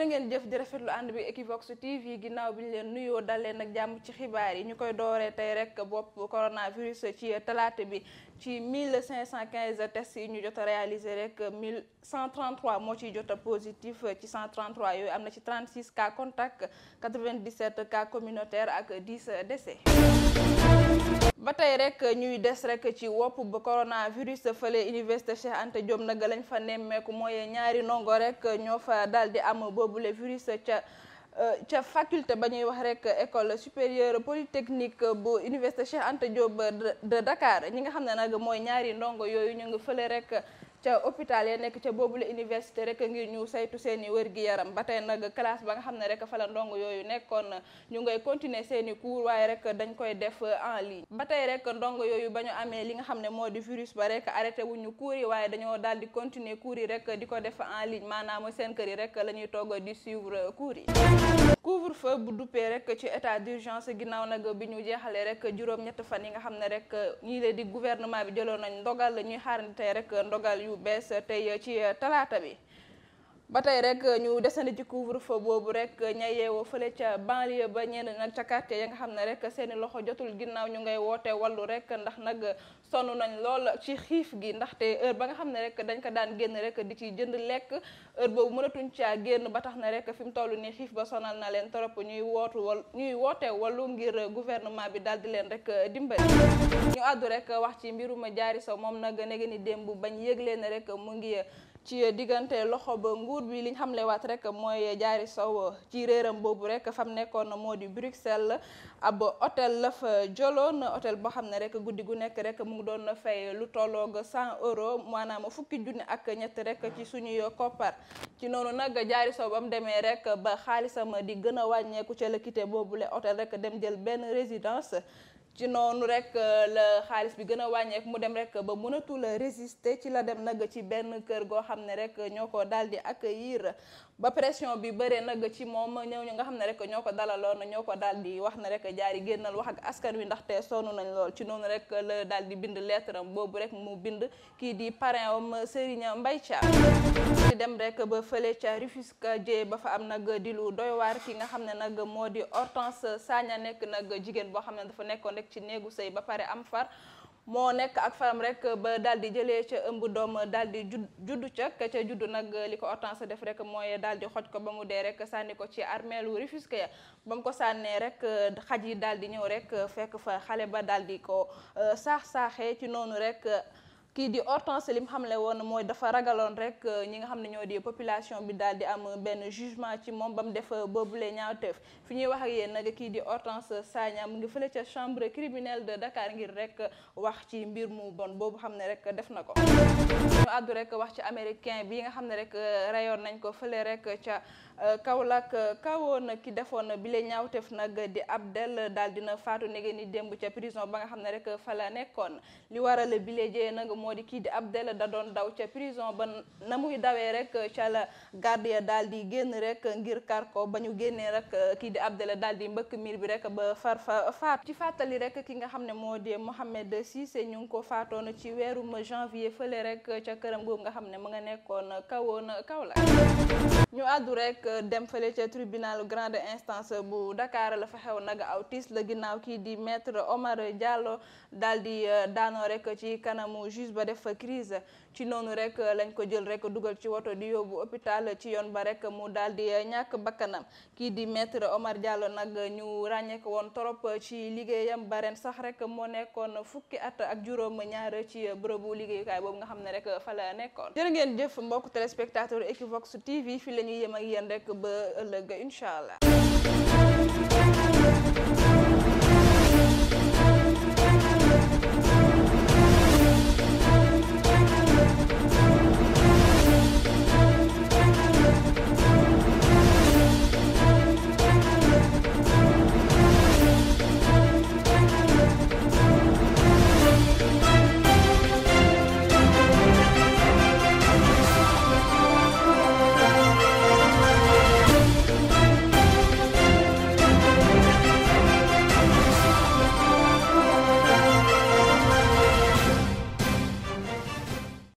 jërë ngeen jëf di rafetlu ànd bi Equivox TV ginnaaw bi ñu leen nuyoo dalee nag jàmm ci xibaar yi ñu koy dooree tey rek bopp coronavirus ci talaata bi ci 1515 tests yi ñu jot a réalisé rek moo ciy jot a positif ci 133 yooyu am na ci 36 cas contact 97 cas communautaire ak 10 décès. ba tey rek ñuy des rek ci wopp ba coronavirus fële université Cheikh Anta Diop nag lañ fa nemmeeku mooy ñaari ndongo rek ñoo fa daal di am boobule virus ca euh, ca faculté ba ñuy wax rek école supérieure polytechnique bu université Cheikh ante Diop de Dakar ñi nga xam ne nag mooy ñaari ndongo yooyu ñu ngi fële rek. ca hôpital ya nekk ca boobule université rek ngir ñu saytu seeni i gi yaram ba tey nag classe ba nga xam ne rek fa la ndongo yooyu nekkoon na ñu ngay continuer seeni i waaye rek dañ koy def en ligne ba tey rek ndongo yooyu ba ñu amee li nga xam ne moo di virus ba rek arrêté ñu cours yi waaye dañoo daal di continuer cours yi rek di ko def en ligne maanaam seen kër yi rek la ñuy toog di suivre cours yi couvre-feu bu duppee rek ci état d'urgence ginnaaw nag bi ñu jeexalee rek juróom-ñett fan yi nga xam ne rek ñii leen di gouvernement bi jëloon nañ ndogal ñuy xaarandi tey rek ndogal yu bees tey ci talaata bi ba tey rek euh, ñu desandi ci couvre-feu boobu rek euh, ña yeewoo fële ca banlieue ba ñenn nag ca quartier ya nga xam ne rek seeni loxo jotul ginnaaw ñu ngay woote wallu rek ndax nag sonn nañ lool ci xiif gi ndaxte heure ba nga xam ne rek dañ ko daan génn rek di ci jënd lekk heure boobu mënatuñ caa génn ba tax na rek fi mu toll nii xiif ba sonal na leen trop ñuy wootu wal ñuy woote wallu ngir gouvernement bi daal leen rek euh, dimbali ñu àddu rek wax ci mbirum jaari Sow moom nag nege ni démb bañ yëgle ne rek mu ngi ci diggante loxo ba nguur bi liñ xamlewaat rek mooy jaari sow ci réeram boobu rek fam nekkoon na moo di Bruxelles ab otel la fa joloon hôtel boo xam ne rek guddi gu nekk rek mu ngi doon fay lu tolloog 100 euro maanaam fukki junni ak ñett rek ci suñuy koppar ci noonu nag jaari sow ba mu demee rek ba sama di gën a wàññeeku ca lëkkite la hôtel rek dem jël benn résidence ci noonu rek euh, la xaalis bi gën a wàññeeku mu dem rek ba mënatul résister ci la dem nag ci benn kër goo xam ne rek ñoo ko daal di accueillir ba pression bi bëree nag ci moom ñëw ñu nga xam ne rek ñoo ko dalaloon ñoo ko daal di wax ne rek jaari génnal wax ak askan wi ndaxte sonn nañu lool ci noonu rek la daal di bind lettre boobu rek mu bind kii di parrain am Serigne Mbaye Thiam di dem rek ba fële ca Rufisque jee ba fa am nag di lu doy ki nga xam ne nag moo di Hortense a nekk nag jigéen boo xam ne dafa nekkoon rek ci néegu sëy ba pare am far moo nekk ak faram rek ba daal di jëlee ca ëmb doom daal di ju juddu ca ca juddu nag li ko Hortense def rek mooy daal di xoj ko ba mu dee rek sànni ko ci armeelu Rufisque ya ba mu ko sànnee rek xaj yi daal di ñëw rek fekk fa xale ba daal di ko euh, saax saaxee ci noonu rek. kii di Hortense li mu xamle woon mooy dafa ragaloon rek euh, ñi nga xam ne ñoo di population bi daal di am benn jugement ci moom bam mu def euh, boobule ñaawteef fi ñuy wax ak yéen nag kii di Hortense Sagna mu ngi fële ca chambre criminelle de Dakar ngir rek wax ci mbir mu bon boobu xam ne rek def na ko. ñu àddu rek wax ci américain bi nga xam ne rek euh, reyoon nañ ko fële rek ca Kaolack kawoon ki defoon bile ñaawteef nag di Abdel daal dina faatu nege ni démb ca prison ba nga xam ne rek fa la nekkoon moo di kii di Abdel da doon daw ca prison ba na muy dawee rek euh, ca la garde daal di génn rek ngir kar ko ba ñu génnee rek euh, kii di Abdel daal di mbëkk miir bi rek ba far fa faat ci fàttali rek ki nga xam ne moo di Mohamed Cissé ñu ngi ko faatoon ci weerum janvier fële rek euh, ca këram googu nga xam ne mu nga nekkoon kawoon Kaolack ñu àddu rek dem fële ca tribunal grande instance bu Dakar la fa xew nag aw tiis la ginnaaw kii di maître Omar Diallo daal crise ba def fa crise ci noonu rek euh, lañ ko jël rek dugal ci woto di yóbbu hôpital ci yoon ba rek mu daal di euh, ñàkk bakkanam kii di metre Omar Diallo nag ñu ràññeek woon trop ci liggéeyam ba ren sax rek moo nekkoon fukki at ak juróom ñaar ci bërëbu liggéeyukaay boobu nga xam ne rek fa la nekkoon jërë ngeen jëf mbokk téléspectateur Equivox TV fi la ñuy yem ak yéen rek ba ëllëg incha allah